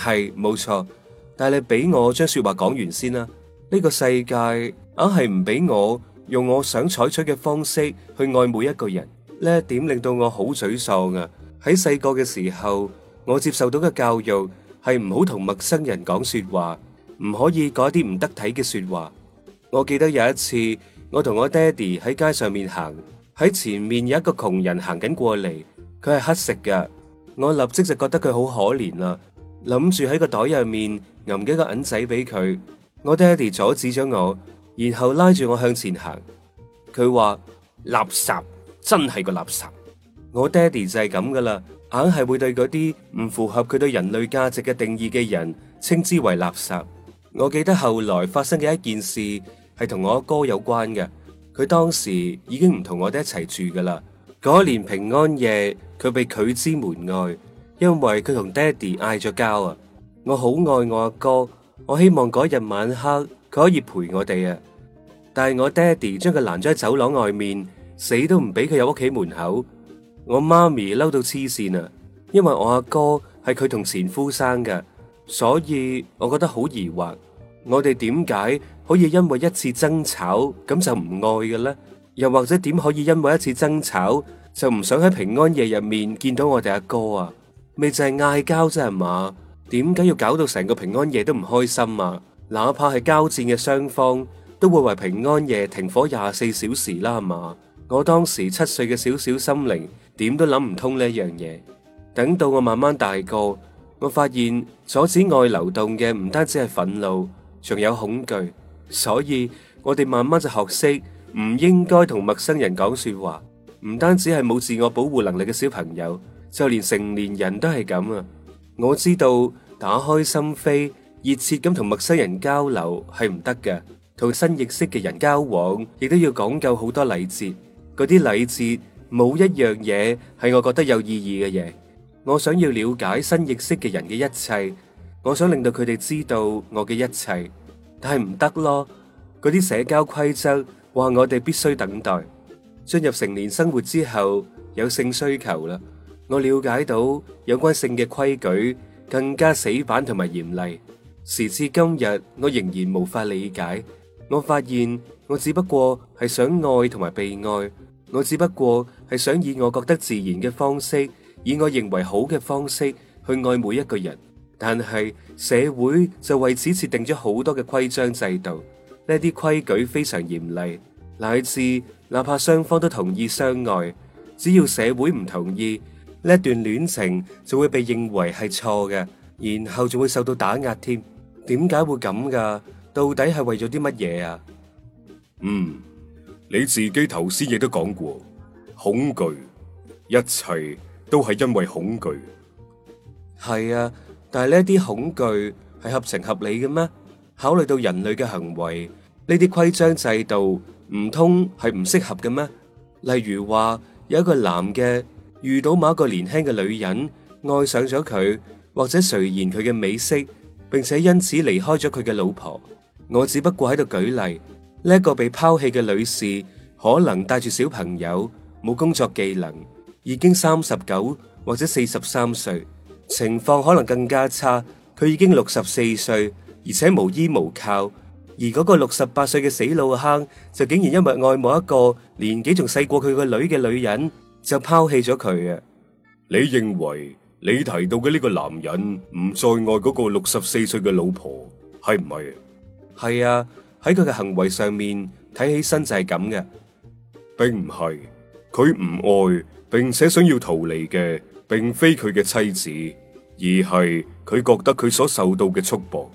係冇錯，但係你俾我將說話講完先啦。呢個世界硬係唔俾我用我想採取嘅方式去愛每一個人，呢一點令到我好沮喪啊！喺細個嘅時候，我接受到嘅教育係唔好同陌生人講說話，唔可以講啲唔得體嘅說話。我記得有一次，我同我爹哋喺街上面行，喺前面有一個窮人行緊過嚟，佢係乞食噶，我立即就覺得佢好可憐啊。諗住喺個袋入面揞幾個銀仔俾佢，我爹哋阻止咗我，然後拉住我向前行。佢話垃圾真係個垃圾，我爹哋就係咁噶啦，硬係會對嗰啲唔符合佢對人類價值嘅定義嘅人稱之為垃圾。我記得後來發生嘅一件事係同我哥哥有關嘅，佢當時已經唔同我爹一齊住噶啦。嗰年平安夜，佢被拒之門外。因為佢同爹哋嗌咗交啊！我好愛我阿哥，我希望嗰日晚黑佢可以陪我哋啊！但係我爹哋將佢攔咗喺走廊外面，死都唔俾佢入屋企門口。我媽咪嬲到黐線啊！因為我阿哥係佢同前夫生㗎，所以我覺得好疑惑，我哋點解可以因為一次爭吵咁就唔愛嘅咧？又或者點可以因為一次爭吵就唔想喺平安夜入面見到我哋阿哥啊？咪就係嗌交啫係嘛，點解要搞到成個平安夜都唔開心啊？哪怕係交戰嘅雙方，都會為平安夜停火廿四小時啦係嘛。我當時七歲嘅小小心靈，點都諗唔通呢一樣嘢。等到我慢慢大個，我發現阻止愛流動嘅唔單止係憤怒，仲有恐懼。所以我哋慢慢就學識唔應該同陌生人講說話，唔單止係冇自我保護能力嘅小朋友。就連成年人都係咁啊！我知道打開心扉、熱切咁同陌生人交流係唔得嘅，同新認識嘅人交往亦都要講究好多禮節。嗰啲禮節冇一樣嘢係我覺得有意義嘅嘢。我想要了解新認識嘅人嘅一切，我想令到佢哋知道我嘅一切，但係唔得咯。嗰啲社交規則話我哋必須等待進入成年生活之後有性需求啦。我了解到，有關性嘅規矩，更加死板同埋嚴厲。時至今日，我仍然無法理解。我發現，我只不過係想愛同埋被愛。我只不過係想以我覺得自然嘅方式，以我認為好嘅方式去愛每一個人。但係，社會就為此設定咗好多嘅規章制度。呢啲規矩非常嚴厲。乃至，哪怕雙方都同意相愛。只要社會唔同意，呢一段戀情就會被認為係錯嘅，然後就會受到打壓添。點解會咁噶？到底係為咗啲乜嘢啊？嗯，你自己頭先亦都講過，恐懼，一切都係因為恐懼。係啊，但係呢一啲恐懼係合情合理嘅咩？考慮到人類嘅行為，呢啲規章制度唔通係唔適合嘅咩？例如話有一個男嘅。遇到某一個年輕嘅女人愛上咗佢，或者垂涎佢嘅美色，並且因此離開咗佢嘅老婆。我只不過喺度舉例，呢一個被拋棄嘅女士可能帶住小朋友，冇工作技能，已經三十九或者四十三歲，情況可能更加差。佢已經六十四歲，而且無依無靠。而嗰個六十八歲嘅死老坑就竟然因為愛慕一個年紀仲細過佢個女嘅女人，就拋棄咗佢啊！你認為你提到嘅呢個男人唔再愛嗰個六十四歲嘅老婆係唔係？係啊，喺佢嘅行為上面睇起身就係咁嘅，並唔係佢唔愛，並且想要逃離嘅，並非佢嘅妻子，而係佢覺得佢所受到嘅束縛。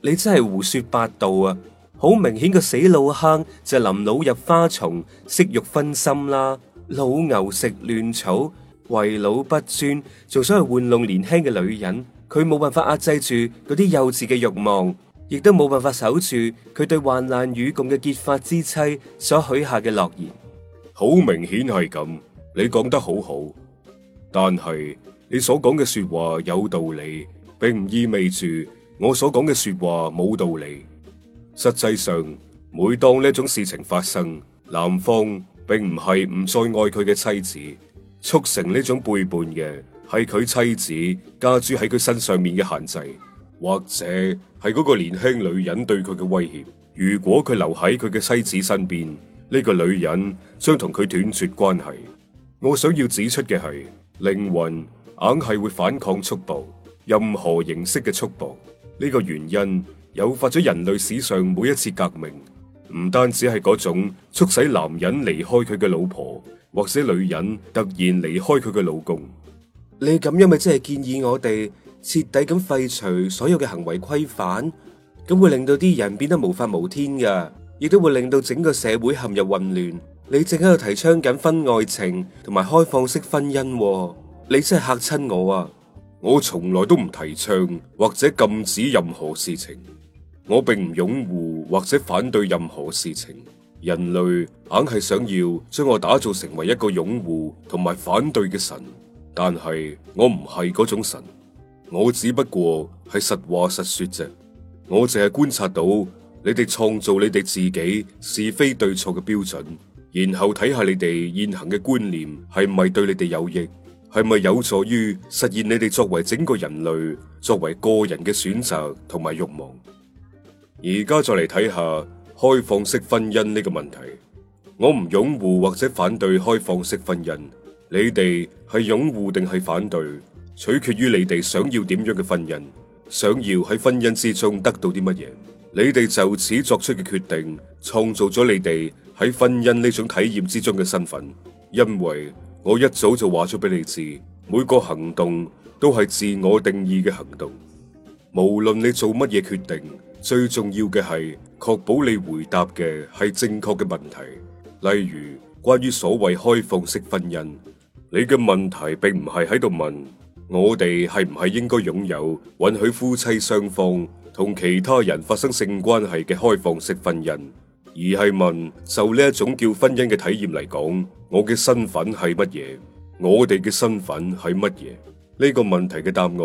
你真係胡說八道啊！好明顯個死老坑就係臨老入花叢，色欲分心啦。老牛食嫩草，為老不尊，仲想去玩弄年輕嘅女人，佢冇辦法壓制住嗰啲幼稚嘅慾望，亦都冇辦法守住佢對患難與共嘅結髮之妻所許下嘅諾言。好明顯係咁，你講得好好，但係你所講嘅說話有道理，並唔意味住我所講嘅說話冇道理。實際上，每當呢種事情發生，男方，並唔係唔再愛佢嘅妻子，促成呢種背叛嘅係佢妻子加諸喺佢身上面嘅限制，或者係嗰個年輕女人對佢嘅威脅。如果佢留喺佢嘅妻子身邊，呢個女人將同佢斷絕關係。我想要指出嘅係靈魂硬係會反抗束縛，任何形式嘅束縛。呢個原因誘發咗人類史上每一次革命，唔單止係嗰種促使男人離開佢嘅老婆，或者女人突然離開佢嘅老公。你咁樣咪即係建議我哋徹底咁廢除所有嘅行為規範？咁會令到啲人變得無法無天嘅，亦都會令到整個社會陷入混亂。你正喺度提倡緊婚愛情同埋開放式婚姻，你真係吓親我啊！我從來都唔提倡或者禁止任何事情。我並唔擁護或者反對任何事情，人類硬係想要將我打造成為一個擁護同埋反對嘅神，但係我唔係嗰種神，我只不過係實話實說啫。我淨係觀察到你哋創造你哋自己是非對錯嘅標準，然後睇下你哋現行嘅觀念係唔係對你哋有益，係咪有助於實現你哋作為整個人類、作為個人嘅選擇同埋欲望。而家再嚟睇下開放式婚姻呢個問題，我唔擁護或者反對開放式婚姻。你哋係擁護定係反對？取決於你哋想要點樣嘅婚姻，想要喺婚姻之中得到啲乜嘢？你哋就此作出嘅決定，創造咗你哋喺婚姻呢種體驗之中嘅身份。因為我一早就話咗俾你知，每個行動都係自我定義嘅行動，無論你做乜嘢決定。最重要嘅係確保你回答嘅係正確嘅問題，例如關於所謂開放式婚姻，你嘅問題並唔係喺度問我哋係唔係應該擁有允許夫妻雙方同其他人發生性關係嘅開放式婚姻，而係問就呢一種叫婚姻嘅體驗嚟講，我嘅身份係乜嘢？我哋嘅身份係乜嘢？呢個問題嘅答案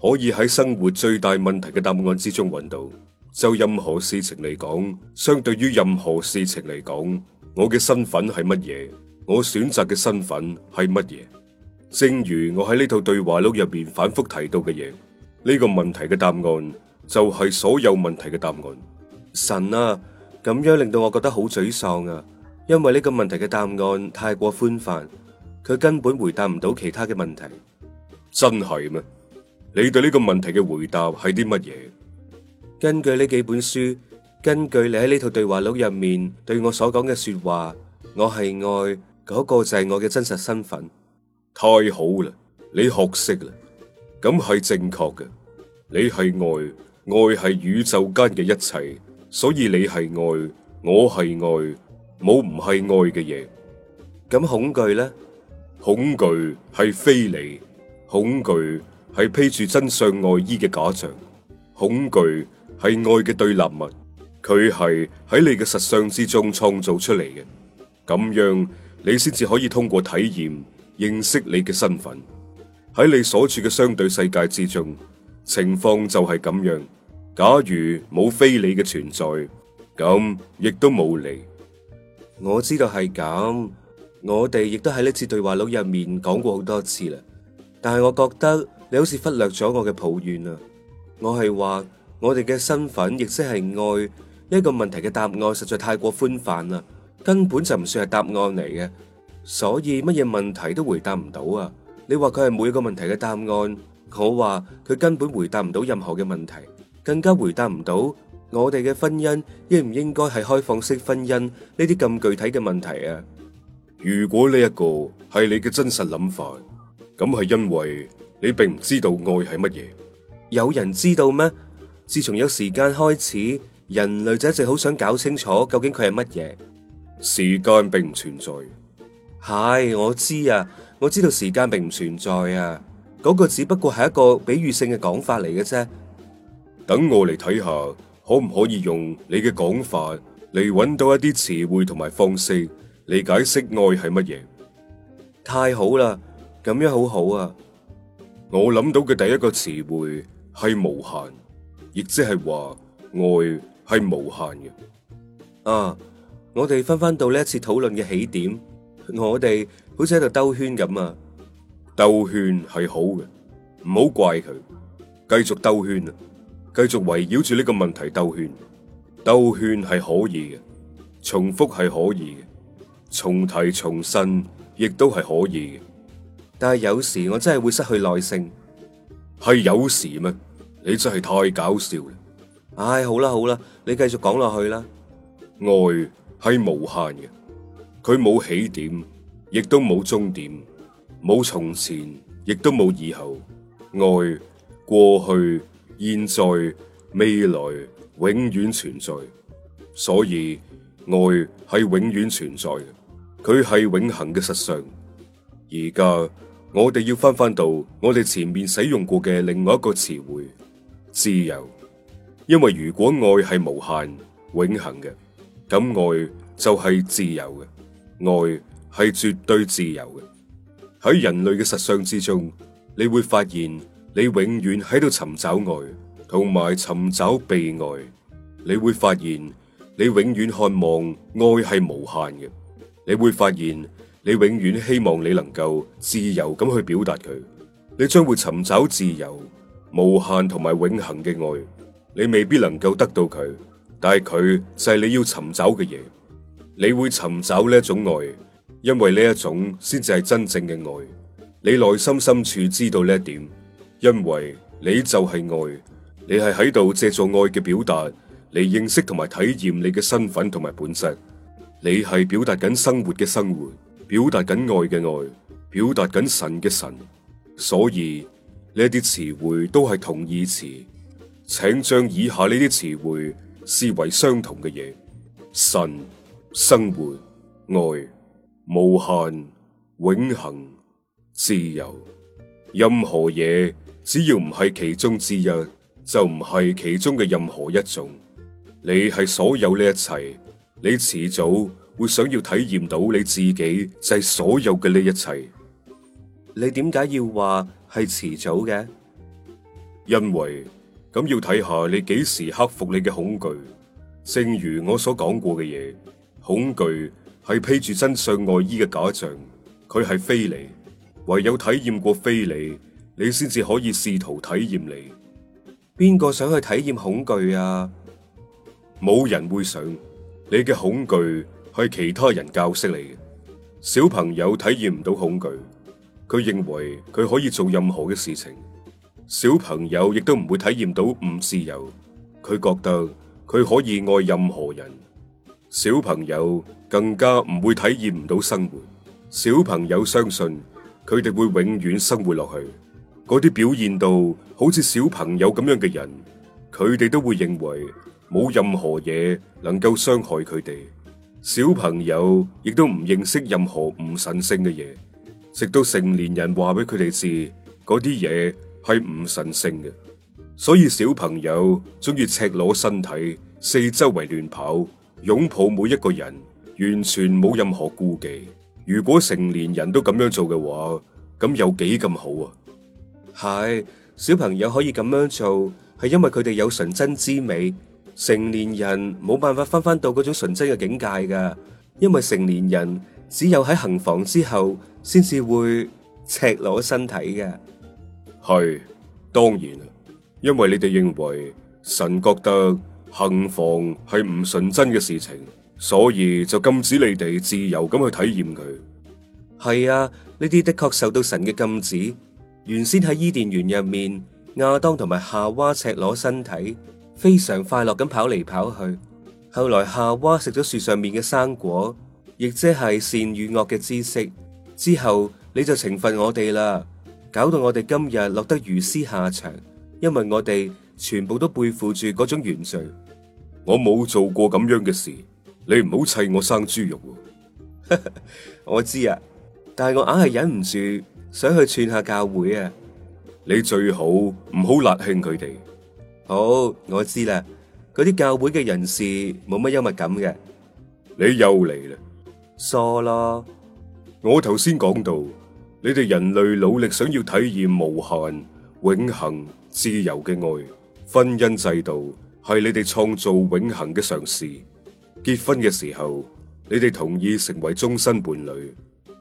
可以喺生活最大問題嘅答案之中揾到。就任何事情嚟講，相對於任何事情嚟講，我嘅身份係乜嘢？我選擇嘅身份係乜嘢？正如我喺呢套對話錄入面反復提到嘅嘢，呢個問題嘅答案就係所有問題嘅答案。神啊，咁樣令到我覺得好沮喪啊！因為呢個問題嘅答案太過寬泛，佢根本回答唔到其他嘅問題。真係咩？你對呢個問題嘅回答係啲乜嘢？根據呢幾本書，根據你喺呢套對話錄入面對我所講嘅說話，我係愛，嗰個就係我嘅真實身份。太好啦，你學識啦，咁係正確嘅。你係愛，愛係宇宙間嘅一切，所以你係愛，我係愛，冇唔係愛嘅嘢。咁恐懼咧，恐懼係非你，恐懼係披住真相外衣嘅假象，恐懼。係愛嘅對立物，佢係喺你嘅實相之中創造出嚟嘅，咁樣你先至可以通過體驗認識你嘅身份。喺你所處嘅相對世界之中，情況就係咁樣。假如冇非你嘅存在，咁亦都冇你。我知道係咁，我哋亦都喺呢次對話錄入面講過好多次啦。但係我覺得你好似忽略咗我嘅抱怨啊！我係話。我哋嘅身份亦即係愛呢個問題嘅答案，實在太過寬泛啦，根本就唔算係答案嚟嘅，所以乜嘢問題都回答唔到啊。你話佢係每個問題嘅答案，我話佢根本回答唔到任何嘅問題，更加回答唔到我哋嘅婚姻應唔應該係開放式婚姻呢啲咁具體嘅問題啊。如果呢一個係你嘅真實諗法，咁係因為你並唔知道愛係乜嘢。有人知道咩？自從有時間開始，人類就一直好想搞清楚究竟佢係乜嘢。時間並唔存在，係、哎、我知啊，我知道時間並唔存在啊，嗰、嗰個只不過係一個比喻性嘅講法嚟嘅啫。等我嚟睇下，可唔可以用你嘅講法嚟揾到一啲詞彙同埋方式嚟解釋愛係乜嘢？太好啦，咁樣好好啊！我諗到嘅第一個詞彙係無限。亦即係話，愛係無限嘅。啊，我哋翻翻到呢一次討論嘅起點，我哋好似喺度兜圈咁啊！兜圈係好嘅，唔好怪佢，繼續兜圈啊！繼續圍繞住呢個問題兜圈，兜圈係可以嘅，重複係可以嘅，重提重申亦都係可以嘅。但係有時我真係會失去耐性，係有時咩？你真係太搞笑啦！唉，好啦，好啦，你繼續講落去啦。愛係無限嘅，佢冇起點，亦都冇終點，冇從前，亦都冇以後。愛過去、現在、未來，永遠存在，所以愛係永遠存在嘅。佢係永恆嘅實相。而家我哋要翻翻到我哋前面使用過嘅另外一個詞彙。自由，因為如果愛係無限、永恒嘅，咁愛就係自由嘅，愛係絕對自由嘅。喺人類嘅實相之中，你會發現你永遠喺度尋找愛，同埋尋找被愛。你會發現你永遠渴望愛係無限嘅，你會發現你永遠希望你能夠自由咁去表達佢，你將會尋找自由。無限同埋永恒嘅愛，你未必能夠得到佢，但係佢就係你要尋找嘅嘢。你會尋找呢種愛，因為呢一種先至係真正嘅愛。你內心深處知道呢一點，因為你就係愛，你係喺度借助愛嘅表達嚟認識同埋體驗你嘅身份同埋本質。你係表達緊生活嘅生活，表達緊愛嘅愛，表達緊神嘅神。所以。呢啲詞彙都係同義詞，請將以下呢啲詞彙視為相同嘅嘢：神、生活、愛、無限、永恒、自由。任何嘢，只要唔係其中之一，就唔係其中嘅任何一種。你係所有呢一切，你遲早會想要體驗到你自己就係所有嘅呢一切。你點解要話係遲早嘅？因為咁要睇下你幾時克服你嘅恐懼。正如我所講過嘅嘢，恐懼係披住真相外衣嘅假象，佢係非你。唯有體驗過非你，你先至可以試圖體驗你。邊個想去體驗恐懼啊？冇人會想。你嘅恐懼係其他人教識你嘅。小朋友體驗唔到恐懼。佢認為佢可以做任何嘅事情，小朋友亦都唔會體驗到唔自由。佢覺得佢可以愛任何人，小朋友更加唔會體驗唔到生活。小朋友相信佢哋會永遠生活落去。嗰啲表現到好似小朋友咁樣嘅人，佢哋都會認為冇任何嘢能夠傷害佢哋。小朋友亦都唔認識任何唔神聖嘅嘢。直到成年人話俾佢哋知嗰啲嘢係唔神聖嘅，所以小朋友中意赤裸身體，四周圍亂跑，擁抱每一個人，完全冇任何顧忌。如果成年人都咁樣做嘅話，咁有幾咁好啊？係小朋友可以咁樣做，係因為佢哋有純真之美，成年人冇辦法翻返到嗰種純真嘅境界噶，因為成年人。只有喺行房之後，先至會赤裸身體嘅。係，當然啦，因為你哋認為神覺得行房係唔純真嘅事情，所以就禁止你哋自由咁去體驗佢。係啊，呢啲的確受到神嘅禁止。原先喺伊甸園入面，亞當同埋夏娃赤裸身體，非常快樂咁跑嚟跑去。後來夏娃食咗樹上面嘅生果。亦即係善與惡嘅知識之後，你就懲罰我哋啦，搞到我哋今日落得如斯下場，因為我哋全部都背負住嗰種原罪。我冇做過咁樣嘅事，你唔好砌我生豬肉。 我知啊，但係我硬係忍唔住想去串下教會啊。你最好唔好辣慶佢哋。好，我知啦。嗰啲教會嘅人士冇乜幽默感嘅。你又嚟啦！傻啦！我頭先講到，你哋人類努力想要體驗無限、永恒、自由嘅愛，婚姻制度係你哋創造永恒嘅嘗試。結婚嘅時候，你哋同意成為終身伴侶，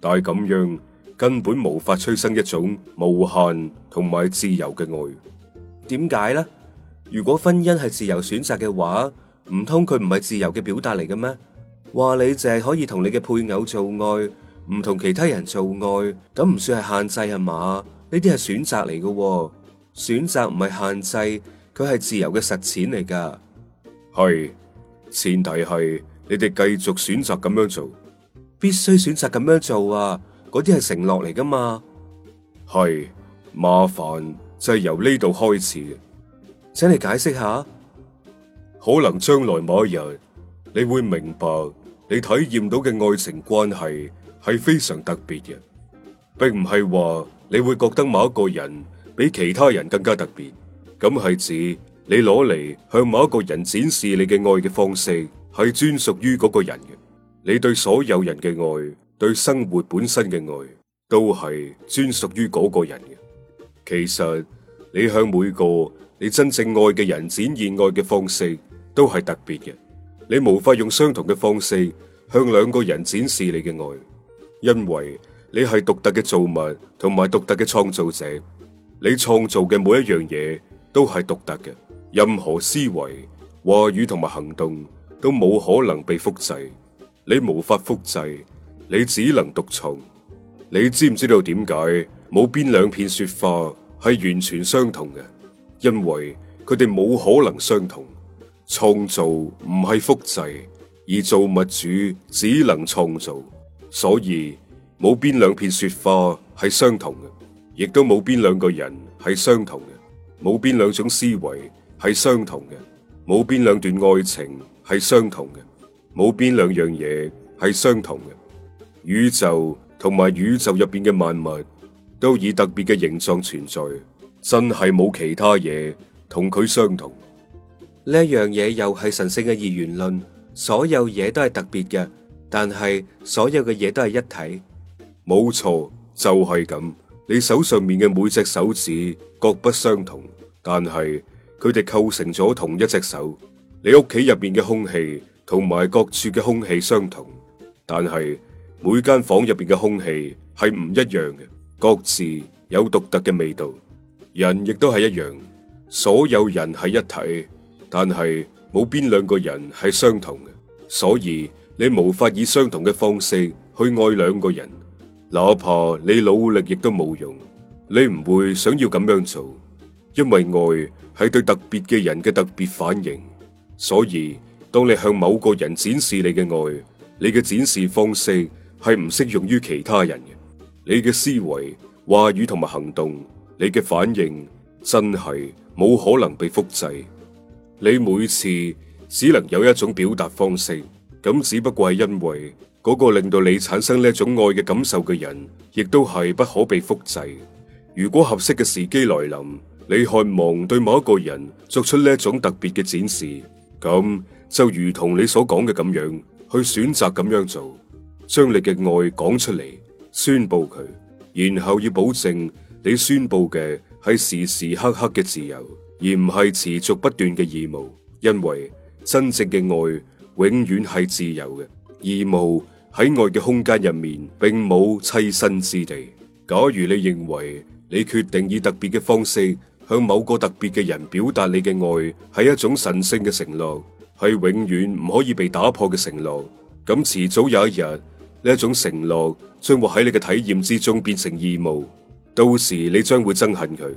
但係咁樣根本無法催生一種無限同埋自由嘅愛。點解咧？如果婚姻係自由選擇嘅話，唔通佢唔係自由嘅表達嚟嘅咩？話你淨係可以同你嘅配偶做愛，唔同其他人做愛，咁唔算係限制係嘛？呢啲係選擇嚟嘅，選擇唔係限制，佢係自由嘅實踐嚟噶。係，前提係你哋繼續選擇咁樣做，必須選擇咁樣做啊！嗰啲係承諾嚟噶嘛？係，麻煩就係、是、由呢度開始，請你解釋下，可能將來某一日。你會明白，你體驗到嘅愛情關係係非常特別嘅，並唔係話你會覺得某一個人比其他人更加特別。咁係指你攞嚟向某一個人展示你嘅愛嘅方式係專屬於嗰個人嘅。你對所有人嘅愛，對生活本身嘅愛，都係專屬於嗰個人嘅。其實你向每個你真正愛嘅人展現愛嘅方式都係特別嘅。你無法用相同嘅方式向兩個人展示你嘅愛，因為你係獨特嘅造物同埋獨特嘅創造者。你創造嘅每一樣嘢都係獨特嘅，任何思維、話語同埋行動都冇可能被複製。你無法複製，你只能獨創。你知唔知道點解冇邊兩片雪花係完全相同嘅？因為佢哋冇可能相同。創造唔係複製，而造物主只能創造，所以冇邊兩片雪花係相同嘅，亦都冇邊兩個人係相同嘅，冇邊兩種思維係相同嘅，冇邊兩段愛情係相同嘅，冇邊兩樣嘢係相同嘅。宇宙同埋宇宙入邊嘅萬物都以特別嘅形狀存在，真係冇其他嘢同佢相同。呢一樣嘢，又係神聖嘅二元論，所有嘢都係特別嘅，但係所有嘅嘢都係一體，冇錯就係咁。你手上面嘅每隻手指各不相同，但係佢哋構成咗同一隻手。你屋企入邊嘅空氣同埋各處嘅空氣相同，但係每間房入邊嘅空氣係唔一樣嘅，各自有獨特嘅味道。人亦都係一樣，所有人係一體。但係冇邊兩個人係相同嘅，所以你無法以相同嘅方式去愛兩個人，哪怕你努力亦都冇用。你唔會想要咁樣做，因為愛係對特別嘅人嘅特別反應。所以當你向某個人展示你嘅愛，你嘅展示方式係唔適用於其他人嘅。你嘅思維、話語同埋行動，你嘅反應真係冇可能被複製。你每次只能有一種表達方式，咁只不過係因為嗰、那個令到你產生呢一種愛嘅感受嘅人，亦都係不可被複製。如果合適嘅時機來臨，你渴望對某一個人作出呢一種特別嘅展示，咁就如同你所講嘅咁樣，去選擇咁樣做，將你嘅愛講出嚟，宣布佢，然後要保證你宣布嘅係時時刻刻嘅自由，而唔係持續不斷嘅義務，因為真正嘅愛永遠係自由嘅，義務喺愛嘅空間入面並冇棲身之地。假如你認為你決定以特別嘅方式向某個特別嘅人表達你嘅愛，係一種神聖嘅承諾，係永遠唔可以被打破嘅承諾，咁遲早有一日呢種承諾將會喺你嘅體驗之中變成義務，到時你將會憎恨佢。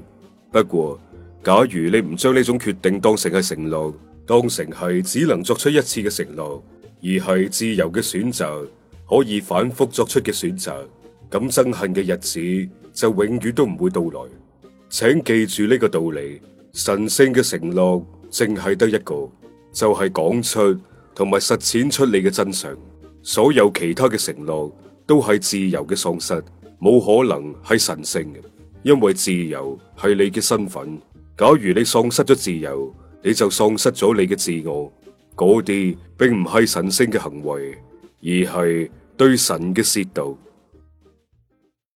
不過，假如你唔將呢種決定當成係承諾，當成係只能作出一次嘅承諾，而係自由嘅選擇，可以反復作出嘅選擇，咁憎恨嘅日子就永遠都唔會到來。請記住呢個道理：神聖嘅承諾淨係得一個，就係講出同埋實踐出你嘅真相。所有其他嘅承諾都係自由嘅喪失，冇可能係神聖嘅，因為自由係你嘅身份。假如你喪失咗自由，你就喪失咗你嘅自我。嗰啲並唔係神聖嘅行為，而係對神嘅褻瀆。